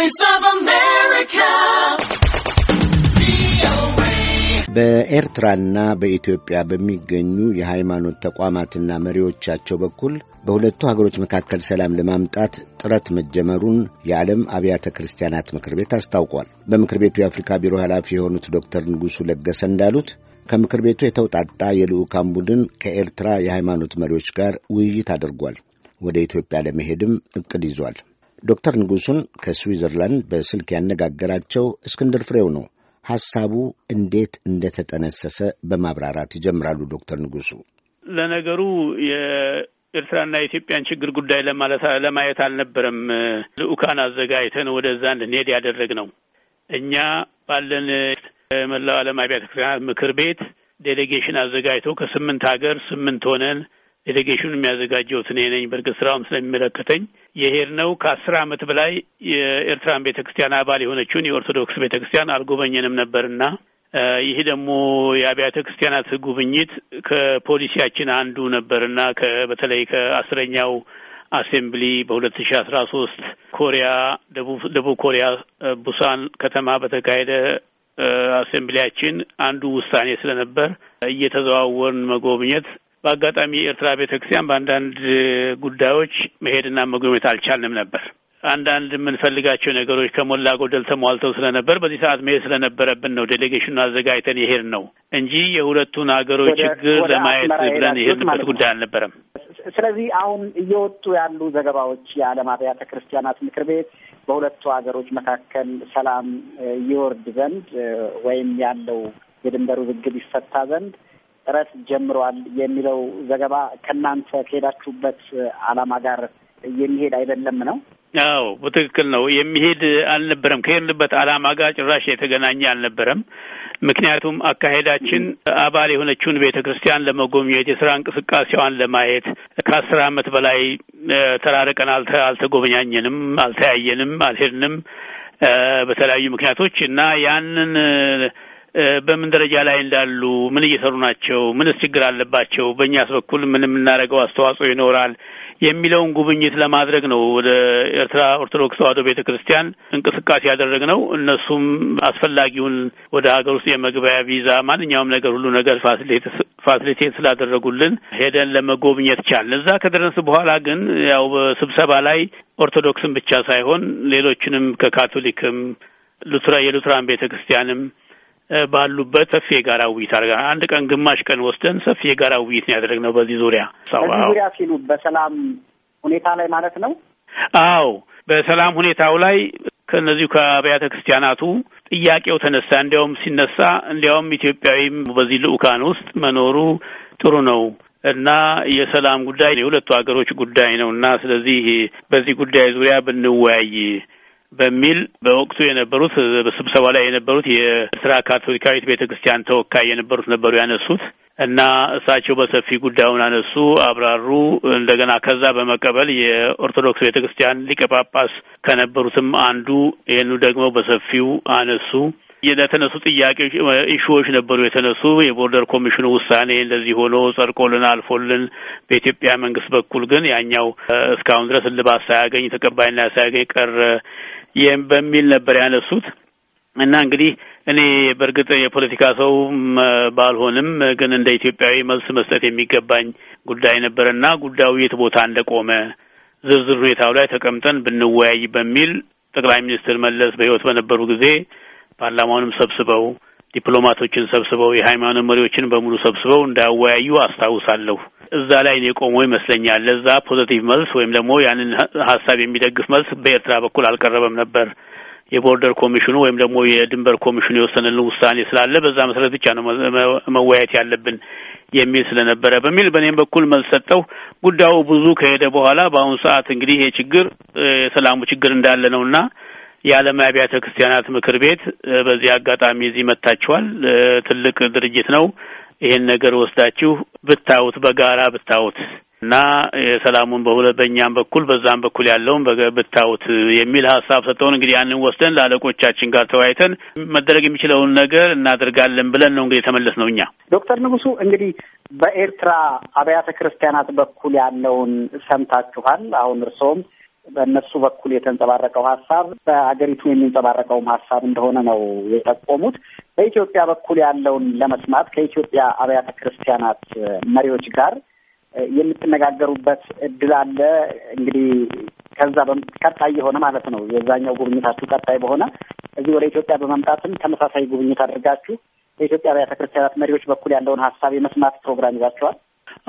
Voice of America. በኤርትራና በኢትዮጵያ በሚገኙ የሃይማኖት ተቋማትና መሪዎቻቸው በኩል በሁለቱ ሀገሮች መካከል ሰላም ለማምጣት ጥረት መጀመሩን የዓለም አብያተ ክርስቲያናት ምክር ቤት አስታውቋል። በምክር ቤቱ የአፍሪካ ቢሮ ኃላፊ የሆኑት ዶክተር ንጉሡ ለገሰ እንዳሉት ከምክር ቤቱ የተውጣጣ የልዑካን ቡድን ከኤርትራ የሃይማኖት መሪዎች ጋር ውይይት አድርጓል። ወደ ኢትዮጵያ ለመሄድም እቅድ ይዟል። ዶክተር ንጉሱን ከስዊዘርላንድ በስልክ ያነጋገራቸው እስክንድር ፍሬው ነው። ሐሳቡ እንዴት እንደተጠነሰሰ በማብራራት ይጀምራሉ ዶክተር ንጉሱ። ለነገሩ የኤርትራና የኢትዮጵያን ችግር ጉዳይ ለማለት ለማየት አልነበረም ልኡካን አዘጋጅተን ወደዛ እንድንሄድ ያደረግ ነው። እኛ ባለን መላው ዓለም አብያተ ክርስቲያናት ምክር ቤት ዴሌጌሽን አዘጋጅተው ከስምንት ሀገር ስምንት ሆነን ዴሌጌሽኑ የሚያዘጋጀው እኔ ነኝ። በእርግጥ ስራውም ስለሚመለከተኝ የሄድነው ከአስር ዓመት በላይ የኤርትራን ቤተ ክርስቲያን አባል የሆነችውን የኦርቶዶክስ ቤተ ክርስቲያን አልጎበኘንም ነበርና ይህ ደግሞ የአብያተ ክርስቲያናት ጉብኝት ከፖሊሲያችን አንዱ ነበርና በተለይ ከአስረኛው አሴምብሊ በሁለት ሺ አስራ ሶስት ኮሪያ ደቡብ ደቡብ ኮሪያ ቡሳን ከተማ በተካሄደ አሴምብሊያችን አንዱ ውሳኔ ስለነበር እየተዘዋወርን መጎብኘት በአጋጣሚ የኤርትራ ቤተክርስቲያን በአንዳንድ ጉዳዮች መሄድና መጎብኘት አልቻልንም ነበር። አንዳንድ የምንፈልጋቸው ነገሮች ከሞላ ጎደል ተሟልተው ስለነበር በዚህ ሰዓት መሄድ ስለነበረብን ነው ዴሌጌሽኑ አዘጋጅተን የሄድ ነው እንጂ የሁለቱን ሀገሮች ችግር ለማየት ብለን የሄድንበት ጉዳይ አልነበረም። ስለዚህ አሁን እየወጡ ያሉ ዘገባዎች የዓለም አብያተ ክርስቲያናት ምክር ቤት በሁለቱ ሀገሮች መካከል ሰላም ይወርድ ዘንድ ወይም ያለው የድንበር ውዝግብ ይፈታ ዘንድ ጥረት ጀምረዋል የሚለው ዘገባ ከእናንተ ከሄዳችሁበት ዓላማ ጋር የሚሄድ አይደለም ነው? አዎ በትክክል ነው። የሚሄድ አልነበረም። ከሄድንበት ዓላማ ጋር ጭራሽ የተገናኘ አልነበረም። ምክንያቱም አካሄዳችን አባል የሆነችውን ቤተ ክርስቲያን ለመጎብኘት የስራ እንቅስቃሴዋን ለማየት ከአስር ዓመት በላይ ተራርቀን አልተጎበኛኘንም፣ አልተያየንም፣ አልሄድንም በተለያዩ ምክንያቶች እና ያንን በምን ደረጃ ላይ እንዳሉ፣ ምን እየሰሩ ናቸው፣ ምንስ ችግር አለባቸው፣ በእኛስ በኩል ምን የምናደርገው አስተዋጽኦ ይኖራል የሚለውን ጉብኝት ለማድረግ ነው ወደ ኤርትራ ኦርቶዶክስ ተዋሕዶ ቤተ ክርስቲያን እንቅስቃሴ ያደረግነው። እነሱም አስፈላጊውን ወደ ሀገር ውስጥ የመግቢያ ቪዛ፣ ማንኛውም ነገር ሁሉ ነገር ፋሲሊቴት ስላደረጉልን ሄደን ለመጎብኘት ቻልን። እዛ ከደረስ በኋላ ግን ያው በስብሰባ ላይ ኦርቶዶክስን ብቻ ሳይሆን ሌሎችንም ከካቶሊክም ሉትራ የሉትራን ቤተ ክርስቲያንም ባሉበት ሰፊ የጋራ ውይይት አድርገናል። አንድ ቀን ግማሽ ቀን ወስደን ሰፊ የጋራ ውይይት ነው ያደረግነው በዚህ ዙሪያ በዚህ ዙሪያ ሲሉ በሰላም ሁኔታ ላይ ማለት ነው። አዎ በሰላም ሁኔታው ላይ ከእነዚሁ ከአብያተ ክርስቲያናቱ ጥያቄው ተነሳ። እንዲያውም ሲነሳ እንዲያውም ኢትዮጵያዊም በዚህ ልዑካን ውስጥ መኖሩ ጥሩ ነው እና የሰላም ጉዳይ የሁለቱ ሀገሮች ጉዳይ ነው እና ስለዚህ በዚህ ጉዳይ ዙሪያ ብንወያይ በሚል በወቅቱ የነበሩት በስብሰባ ላይ የነበሩት የኤርትራ ካቶሊካዊት ቤተ ክርስቲያን ተወካይ የነበሩት ነበሩ ያነሱት እና እሳቸው በሰፊ ጉዳዩን አነሱ፣ አብራሩ። እንደገና ከዛ በመቀበል የኦርቶዶክስ ቤተ ክርስቲያን ሊቀ ጳጳስ ከነበሩትም አንዱ ይህኑ ደግሞ በሰፊው አነሱ። የተነሱ ጥያቄዎች ኢሹዎች ነበሩ የተነሱ። የቦርደር ኮሚሽኑ ውሳኔ እንደዚህ ሆኖ ጸድቆልን አልፎልን፣ በኢትዮጵያ መንግስት በኩል ግን ያኛው እስካሁን ድረስ እልባት ሳያገኝ ተቀባይና ሳያገኝ ቀረ በሚል ነበር ያነሱት። እና እንግዲህ እኔ በእርግጥ የፖለቲካ ሰው ባልሆንም ግን እንደ ኢትዮጵያዊ መልስ መስጠት የሚገባኝ ጉዳይ እና ጉዳዩ የት ቦታ እንደቆመ ዝርዝር ሁኔታው ላይ ተቀምጠን ብንወያይ በሚል ጠቅላይ ሚኒስትር መለስ በሕይወት በነበሩ ጊዜ ፓርላማውንም ሰብስበው ዲፕሎማቶችን ሰብስበው የሃይማኖት መሪዎችን በሙሉ ሰብስበው እንዳያወያዩ አስታውሳለሁ። እዛ ላይ እኔ ቆሞ ይመስለኛል ለዛ ፖዘቲቭ መልስ ወይም ደግሞ ያንን ሀሳብ የሚደግፍ መልስ በኤርትራ በኩል አልቀረበም ነበር። የቦርደር ኮሚሽኑ ወይም ደግሞ የድንበር ኮሚሽኑ የወሰነልን ውሳኔ ስላለ በዛ መሰረት ብቻ ነው መወያየት ያለብን የሚል ስለነበረ በሚል በእኔም በኩል መልስ ሰጠው። ጉዳዩ ብዙ ከሄደ በኋላ በአሁኑ ሰዓት እንግዲህ ይሄ ችግር የሰላሙ ችግር እንዳለ እና የዓለም አብያተ ክርስቲያናት ምክር ቤት በዚህ አጋጣሚ እዚህ መጥታችኋል። ትልቅ ድርጅት ነው። ይሄን ነገር ወስዳችሁ ብታዩት፣ በጋራ ብታዩት እና የሰላሙን በሁለ በእኛም በኩል በዛም በኩል ያለውን ብታዩት የሚል ሀሳብ ሰጠውን። እንግዲህ ያንን ወስደን ለአለቆቻችን ጋር ተወያይተን መደረግ የሚችለውን ነገር እናደርጋለን ብለን ነው እንግዲህ የተመለስ ነው። እኛ ዶክተር ንጉሱ እንግዲህ በኤርትራ አብያተ ክርስቲያናት በኩል ያለውን ሰምታችኋል። አሁን እርስዎም በእነሱ በኩል የተንጸባረቀው ሀሳብ በአገሪቱ የሚንጸባረቀውም ሀሳብ እንደሆነ ነው የጠቆሙት። በኢትዮጵያ በኩል ያለውን ለመስማት ከኢትዮጵያ አብያተ ክርስቲያናት መሪዎች ጋር የምትነጋገሩበት እድል አለ። እንግዲህ ከዛ ቀጣይ የሆነ ማለት ነው የዛኛው ጉብኝታችሁ ቀጣይ በሆነ እዚህ ወደ ኢትዮጵያ በመምጣትም ተመሳሳይ ጉብኝት አድርጋችሁ በኢትዮጵያ አብያተ ክርስቲያናት መሪዎች በኩል ያለውን ሀሳብ የመስማት ፕሮግራም ይዛችኋል።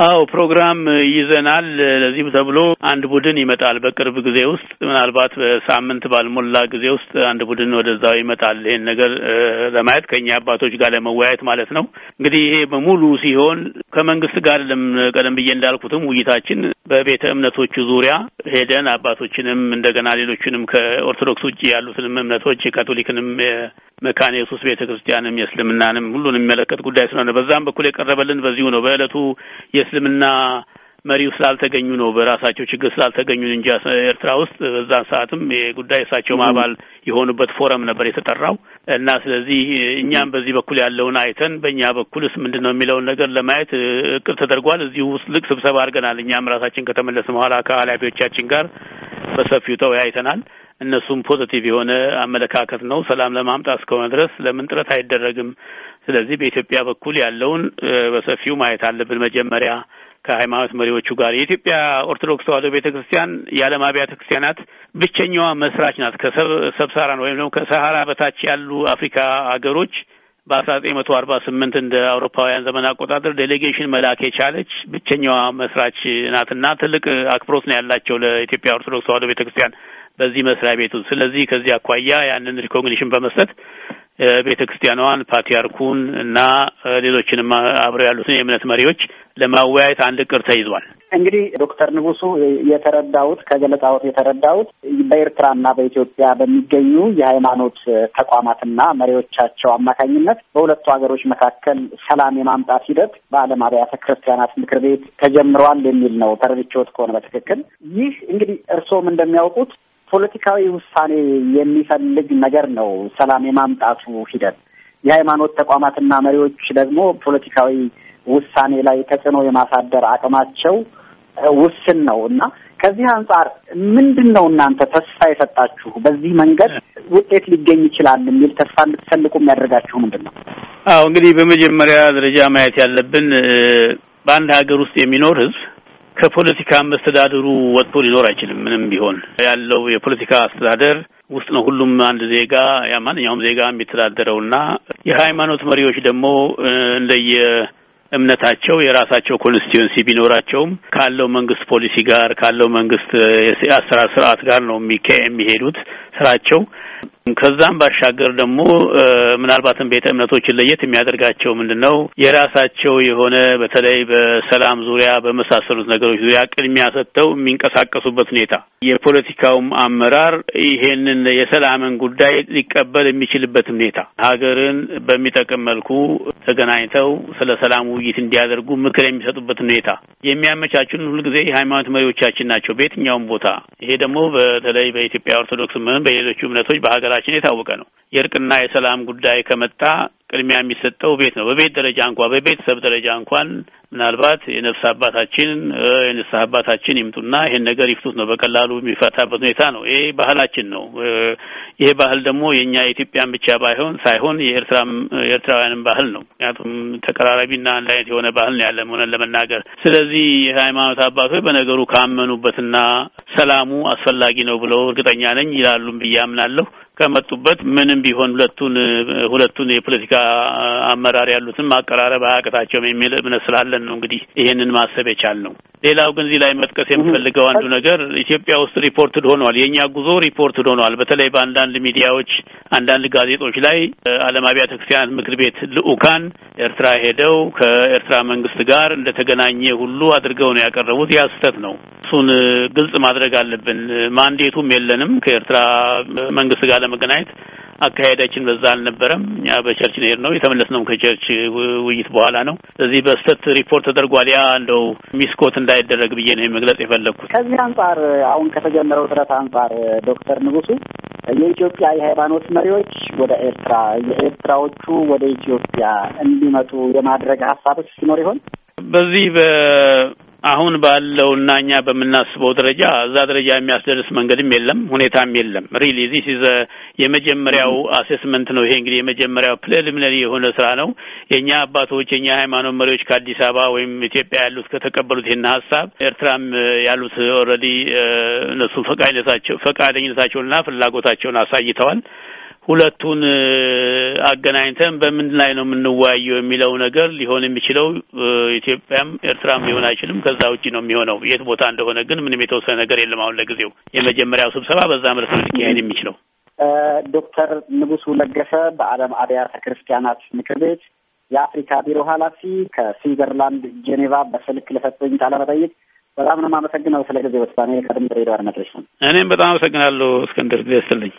አዎ ፕሮግራም ይዘናል። ለዚህም ተብሎ አንድ ቡድን ይመጣል በቅርብ ጊዜ ውስጥ ምናልባት በሳምንት ባልሞላ ጊዜ ውስጥ አንድ ቡድን ወደዛው ይመጣል። ይሄን ነገር ለማየት ከእኛ አባቶች ጋር ለመወያየት ማለት ነው። እንግዲህ ይሄ በሙሉ ሲሆን ከመንግስት ጋር ቀደም ብዬ እንዳልኩትም ውይይታችን በቤተ እምነቶቹ ዙሪያ ሄደን አባቶችንም እንደገና ሌሎችንም ከኦርቶዶክስ ውጭ ያሉትንም እምነቶች የካቶሊክንም፣ የመካነ ኢየሱስ ቤተ ክርስቲያንም፣ የእስልምናንም ሁሉን የሚመለከት ጉዳይ ስለሆነ በዛም በኩል የቀረበልን በዚሁ ነው። በእለቱ የእስልምና መሪው ስላልተገኙ ነው፣ በራሳቸው ችግር ስላልተገኙ እንጂ ኤርትራ ውስጥ በዛን ሰዓትም የጉዳይ እሳቸው አባል የሆኑበት ፎረም ነበር የተጠራው እና ስለዚህ እኛም በዚህ በኩል ያለውን አይተን በእኛ በኩልስ ምንድን ነው የሚለውን ነገር ለማየት እቅድ ተደርጓል። እዚሁ ውስጥ ልቅ ስብሰባ አድርገናል። እኛም ራሳችን ከተመለስን በኋላ ከኃላፊዎቻችን ጋር በሰፊው ተወያይተናል። እነሱም ፖዘቲቭ የሆነ አመለካከት ነው። ሰላም ለማምጣት እስከሆነ ድረስ ለምን ጥረት አይደረግም? ስለዚህ በኢትዮጵያ በኩል ያለውን በሰፊው ማየት አለብን መጀመሪያ ከሃይማኖት መሪዎቹ ጋር የኢትዮጵያ ኦርቶዶክስ ተዋሕዶ ቤተ ክርስቲያን የዓለም አብያተ ክርስቲያናት ብቸኛዋ መስራች ናት። ከሰብሳራን ወይም ደግሞ ከሰሃራ በታች ያሉ አፍሪካ ሀገሮች በአስራ ዘጠኝ መቶ አርባ ስምንት እንደ አውሮፓውያን ዘመን አቆጣጠር ዴሌጌሽን መላክ የቻለች ብቸኛዋ መስራች ናትና ትልቅ አክብሮት ነው ያላቸው ለኢትዮጵያ ኦርቶዶክስ ተዋሕዶ ቤተ ክርስቲያን በዚህ መስሪያ ቤቱ። ስለዚህ ከዚህ አኳያ ያንን ሪኮግኒሽን በመስጠት ቤተ ክርስቲያኗን ፓትርያርኩን እና ሌሎችንም አብረው ያሉትን የእምነት መሪዎች ለማወያየት አንድ እቅድ ተይዟል። እንግዲህ ዶክተር ንጉሱ የተረዳሁት ከገለጻዎት የተረዳሁት በኤርትራና በኢትዮጵያ በሚገኙ የሃይማኖት ተቋማትና መሪዎቻቸው አማካኝነት በሁለቱ ሀገሮች መካከል ሰላም የማምጣት ሂደት በዓለም አብያተ ክርስቲያናት ምክር ቤት ተጀምረዋል የሚል ነው። ተረድቼዎት ከሆነ በትክክል ይህ እንግዲህ እርስዎም እንደሚያውቁት ፖለቲካዊ ውሳኔ የሚፈልግ ነገር ነው ሰላም የማምጣቱ ሂደት። የሃይማኖት ተቋማትና መሪዎች ደግሞ ፖለቲካዊ ውሳኔ ላይ ተጽዕኖ የማሳደር አቅማቸው ውስን ነው እና ከዚህ አንጻር ምንድን ነው እናንተ ተስፋ የሰጣችሁ በዚህ መንገድ ውጤት ሊገኝ ይችላል የሚል ተስፋ እንድትሰልቁ የሚያደርጋችሁ ምንድን ነው? አዎ እንግዲህ በመጀመሪያ ደረጃ ማየት ያለብን በአንድ ሀገር ውስጥ የሚኖር ህዝብ ከፖለቲካ መስተዳድሩ ወጥቶ ሊኖር አይችልም። ምንም ቢሆን ያለው የፖለቲካ አስተዳደር ውስጥ ነው ሁሉም አንድ ዜጋ ያ ማንኛውም ዜጋ እና የሃይማኖት መሪዎች ደግሞ እንደየ እምነታቸው የራሳቸው ኮንስቲትዌንሲ ቢኖራቸውም ካለው መንግስት ፖሊሲ ጋር ካለው መንግስት የአሰራር ስርዓት ጋር ነው የሚሄዱት ስራቸው ከዛም ባሻገር ደግሞ ምናልባትም ቤተ እምነቶችን ለየት የሚያደርጋቸው ምንድን ነው? የራሳቸው የሆነ በተለይ በሰላም ዙሪያ በመሳሰሉት ነገሮች ዙሪያ ቅድሚያ ሰጥተው የሚንቀሳቀሱበት ሁኔታ የፖለቲካውም አመራር ይሄንን የሰላምን ጉዳይ ሊቀበል የሚችልበት ሁኔታ ሀገርን በሚጠቅም መልኩ ተገናኝተው ስለ ሰላም ውይይት እንዲያደርጉ ምክር የሚሰጡበት ሁኔታ የሚያመቻቹን ሁልጊዜ የሃይማኖት መሪዎቻችን ናቸው በየትኛውም ቦታ። ይሄ ደግሞ በተለይ በኢትዮጵያ ኦርቶዶክስ ምህን በሌሎቹ እምነቶች በሀገር ሀገራችን የታወቀ ነው። የእርቅና የሰላም ጉዳይ ከመጣ ቅድሚያ የሚሰጠው ቤት ነው። በቤት ደረጃ እንኳ በቤተሰብ ደረጃ እንኳን ምናልባት የነፍስ አባታችን የንስሐ አባታችን ይምጡና ይሄን ነገር ይፍቱት ነው በቀላሉ የሚፈታበት ሁኔታ ነው። ይሄ ባህላችን ነው። ይሄ ባህል ደግሞ የእኛ የኢትዮጵያን ብቻ ባይሆን ሳይሆን የኤርትራ የኤርትራውያንም ባህል ነው። ምክንያቱም ተቀራራቢና አንድ አይነት የሆነ ባህል ነው ያለ መሆነን ለመናገር ስለዚህ የሃይማኖት አባቶች በነገሩ ካመኑበትና ሰላሙ አስፈላጊ ነው ብለው እርግጠኛ ነኝ ይላሉም ብዬ አምናለሁ። ከመጡበት ምንም ቢሆን ሁለቱን ሁለቱን የፖለቲካ አመራር ያሉትን ማቀራረብ አያቅታቸውም የሚል እምነት ስላለን ነው እንግዲህ ይሄንን ማሰብ የቻልነው። ሌላው ግን እዚህ ላይ መጥቀስ የምፈልገው አንዱ ነገር ኢትዮጵያ ውስጥ ሪፖርትድ ሆኗል። የእኛ ጉዞ ሪፖርትድ ሆኗል። በተለይ በአንዳንድ ሚዲያዎች፣ አንዳንድ ጋዜጦች ላይ ዓለም አብያተ ክርስቲያናት ምክር ቤት ልኡካን ኤርትራ ሄደው ከኤርትራ መንግስት ጋር እንደተገናኘ ሁሉ አድርገው ነው ያቀረቡት። ያ ስህተት ነው። እሱን ግልጽ ማድረግ አለብን። ማንዴቱም የለንም ከኤርትራ መንግስት ጋር ለመገናኘት አካሄዳችን በዛ አልነበረም። እኛ በቸርች ነው የሄድነው። የተመለስነውም ከቸርች ውይይት በኋላ ነው። ስለዚህ በስህተት ሪፖርት ተደርጓል። ያ እንደው ሚስኮት እንዳይደረግ ብዬ ነው መግለጽ የፈለግኩት። ከዚህ አንጻር አሁን ከተጀመረው ጥረት አንጻር ዶክተር ንጉሱ የኢትዮጵያ የሃይማኖት መሪዎች ወደ ኤርትራ፣ የኤርትራዎቹ ወደ ኢትዮጵያ እንዲመጡ የማድረግ ሀሳቦች ሲኖር ይሆን? በዚህ አሁን እና እኛ በምናስበው ደረጃ እዛ ደረጃ የሚያስደርስ መንገድም የለም፣ ሁኔታም የለም። ሪሊ ዚስ ኢዝ የመጀመሪያው አሴስመንት ነው። ይሄ እንግዲህ የመጀመሪያው ፕሪሊሚናሪ የሆነ ስራ ነው። የእኛ አባቶች የእኛ ሃይማኖት መሪዎች ከአዲስ አበባ ወይም ኢትዮጵያ ያሉት ከተቀበሉት ይህን ሀሳብ ኤርትራም ያሉት ኦልሬዲ እነሱ ፈቃደኝነታቸውንና ፍላጎታቸውን አሳይተዋል። ሁለቱን አገናኝተን በምን ላይ ነው የምንወያየው የሚለው ነገር ሊሆን የሚችለው ኢትዮጵያም ኤርትራም ሊሆን አይችልም። ከዛ ውጭ ነው የሚሆነው። የት ቦታ እንደሆነ ግን ምንም የተወሰነ ነገር የለም። አሁን ለጊዜው የመጀመሪያው ስብሰባ በዛ መልክ ነው ሊካሄድ የሚችለው። ዶክተር ንጉሱ ለገሰ በዓለም አብያተ ክርስቲያናት ምክር ቤት የአፍሪካ ቢሮ ኃላፊ ከስዊዘርላንድ ጄኔቫ በስልክ ለሰጡኝ ቃለ መጠይቅ በጣም ነው የማመሰግነው ስለ ጊዜ ውሳኔ ከድምፅ ሬዲዮ አድማጮች ነው። እኔም በጣም አመሰግናለሁ እስክንድር ጊዜ ስትልኝ